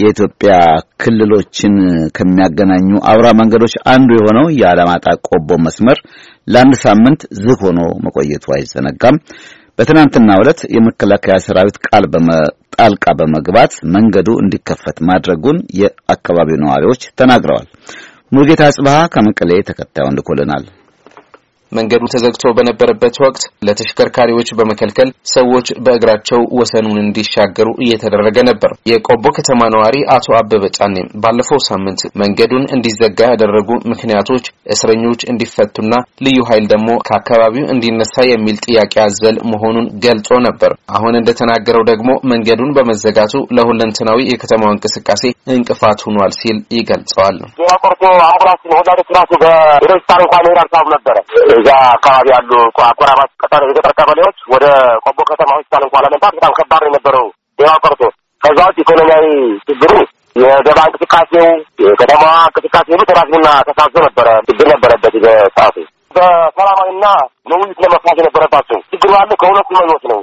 የኢትዮጵያ ክልሎችን ከሚያገናኙ አውራ መንገዶች አንዱ የሆነው የአላማጣ ቆቦ መስመር ለአንድ ሳምንት ዝግ ሆኖ መቆየቱ አይዘነጋም። በትናንትና ዕለት የመከላከያ ሰራዊት ቃል ጣልቃ በመግባት መንገዱ እንዲከፈት ማድረጉን የአካባቢው ነዋሪዎች ተናግረዋል። ሙልጌታ ጽብሃ ከመቀሌ ተከታዩን ልኮልናል። መንገዱ ተዘግቶ በነበረበት ወቅት ለተሽከርካሪዎች በመከልከል ሰዎች በእግራቸው ወሰኑን እንዲሻገሩ እየተደረገ ነበር። የቆቦ ከተማ ነዋሪ አቶ አበበ ጫኔ ባለፈው ሳምንት መንገዱን እንዲዘጋ ያደረጉ ምክንያቶች እስረኞች እንዲፈቱና ልዩ ኃይል ደግሞ ከአካባቢው እንዲነሳ የሚል ጥያቄ አዘል መሆኑን ገልጾ ነበር። አሁን እንደተናገረው ደግሞ መንገዱን በመዘጋቱ ለሁለንትናዊ የከተማው እንቅስቃሴ እንቅፋት ሆኗል ሲል ይገልጸዋል። እዛ አካባቢ ያሉ አጎራባች ቀጠር የገጠር ቀበሌዎች ወደ ቆቦ ከተማ ሆስፒታል እንኳን ለመምጣት በጣም ከባድ ነው የነበረው። ሌላው ቀርቶ ከዛ ውጭ ኢኮኖሚያዊ ችግሩ የገባ እንቅስቃሴው የከተማዋ እንቅስቃሴ ሁሉ ተራዝሙና ተሳዞ ነበረ። ችግር ነበረበት በሰዓቱ በሰላማዊና በውይይት ለመፍታት የነበረባቸው ችግሩ ያለው ከሁለቱ መኞች ነው።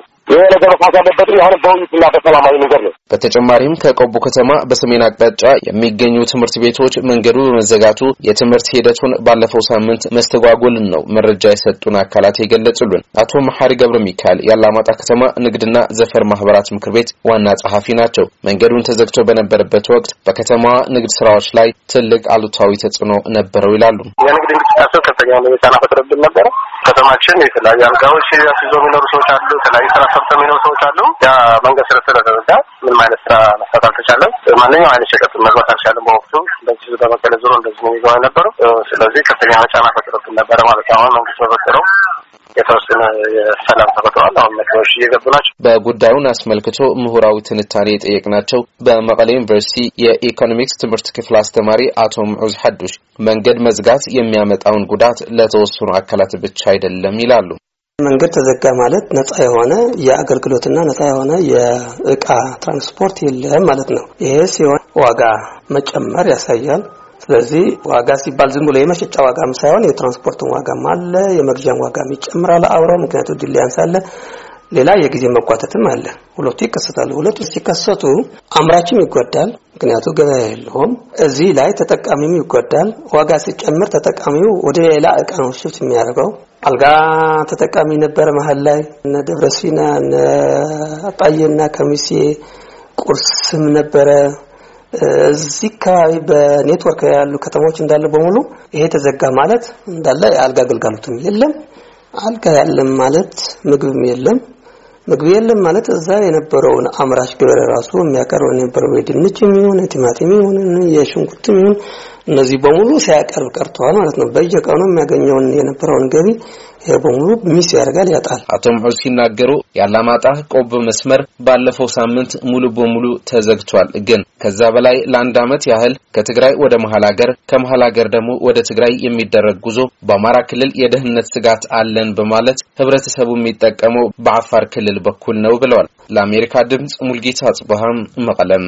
እና በሰላማዊ መንገድ ነው። በተጨማሪም ከቆቦ ከተማ በሰሜን አቅጣጫ የሚገኙ ትምህርት ቤቶች መንገዱ በመዘጋቱ የትምህርት ሂደቱን ባለፈው ሳምንት መስተጓጎልን ነው መረጃ የሰጡን አካላት የገለጹልን። አቶ መሐሪ ገብረ ሚካኤል የአላማጣ ከተማ ንግድና ዘፈር ማህበራት ምክር ቤት ዋና ጸሐፊ ናቸው። መንገዱን ተዘግቶ በነበረበት ወቅት በከተማዋ ንግድ ስራዎች ላይ ትልቅ አሉታዊ ተጽዕኖ ነበረው ይላሉ። የንግድ እንቅስቃሴው ከፍተኛ ሁኔታ ፈጥሮብን ነበረ። ከተማችን የተለያዩ አልጋዎች ይዘው የሚኖሩ ሰዎች አሉ። የተለያዩ ስራ ሰርተው የሚኖሩ ሰዎች አሉ። ያ መንገድ ስለ ስለተዘጋ ምንም አይነት ስራ መስራት አልተቻለም። ማንኛውም አይነት ሸቀጥ መግባት አልቻለም። በወቅቱ እንደዚህ በመቀለ ዙሮ እንደዚህ ነው ይዘው ነበረው። ስለዚህ ከፍተኛ መጫና ፈጥሮብን ነበረ ማለት አሁን መንግስት በፈጠረው የተወሰነ ሰላም ተፈጥሯል። አሁን መኪናዎች እየገቡ ናቸው። በጉዳዩን አስመልክቶ ምሁራዊ ትንታኔ የጠየቅናቸው በመቀሌ ዩኒቨርሲቲ የኢኮኖሚክስ ትምህርት ክፍል አስተማሪ አቶ ምዑዝ ሐዱሽ መንገድ መዝጋት የሚያመጣውን ጉዳት ለተወሰኑ አካላት ብቻ አይደለም ይላሉ። መንገድ ተዘጋ ማለት ነፃ የሆነ የአገልግሎትና ነፃ የሆነ የእቃ ትራንስፖርት የለም ማለት ነው። ይሄ ሲሆን ዋጋ መጨመር ያሳያል። ስለዚህ ዋጋ ሲባል ዝም ብሎ የመሸጫ ዋጋም ሳይሆን የትራንስፖርትን ዋጋም አለ፣ የመግዣን ዋጋም ይጨምራል አብሮ። ምክንያቱ ድሊያንስ አለ ሌላ የጊዜ መጓተትም አለ። ሁለቱ ይከሰታሉ። ሁለቱ ሲከሰቱ አምራችም ይጎዳል፣ ምክንያቱ ገበያ የለውም። እዚህ ላይ ተጠቃሚም ይጎዳል። ዋጋ ሲጨምር ተጠቃሚው ወደ ሌላ እቃ ነው ሽፍት የሚያደርገው። አልጋ ተጠቃሚ ነበረ መሀል ላይ እነ ደብረሲና እነ ጣዬና ከሚሴ ቁርስም ነበረ እዚህ አካባቢ በኔትወርክ ያሉ ከተሞች እንዳለ በሙሉ ይሄ ተዘጋ ማለት እንዳለ የአልጋ አገልጋሎትም የለም። አልጋ ያለም ማለት ምግብም የለም። ምግብ የለም ማለት እዛ የነበረውን አምራች ገበሬ ራሱ የሚያቀርበው የነበረው የድንችም ይሁን የቲማቲም ይሁን የሽንኩርትም ይሁን እነዚህ በሙሉ ሳያቀርብ ቀርተዋል ማለት ነው። በየቀኑ የሚያገኘውን የነበረውን ገቢ ይሄ በሙሉ ሚስ ያደርጋል፣ ያጣል። አቶ ምሑድ ሲናገሩ የአላማጣ ቆቦ መስመር ባለፈው ሳምንት ሙሉ በሙሉ ተዘግቷል። ግን ከዛ በላይ ለአንድ ዓመት ያህል ከትግራይ ወደ መሀል ሀገር ከመሀል ሀገር ደግሞ ወደ ትግራይ የሚደረግ ጉዞ በአማራ ክልል የደህንነት ስጋት አለን በማለት ህብረተሰቡ የሚጠቀመው በአፋር ክልል በኩል ነው ብለዋል። ለአሜሪካ ድምጽ ሙልጌታ አጽበሃም መቀለም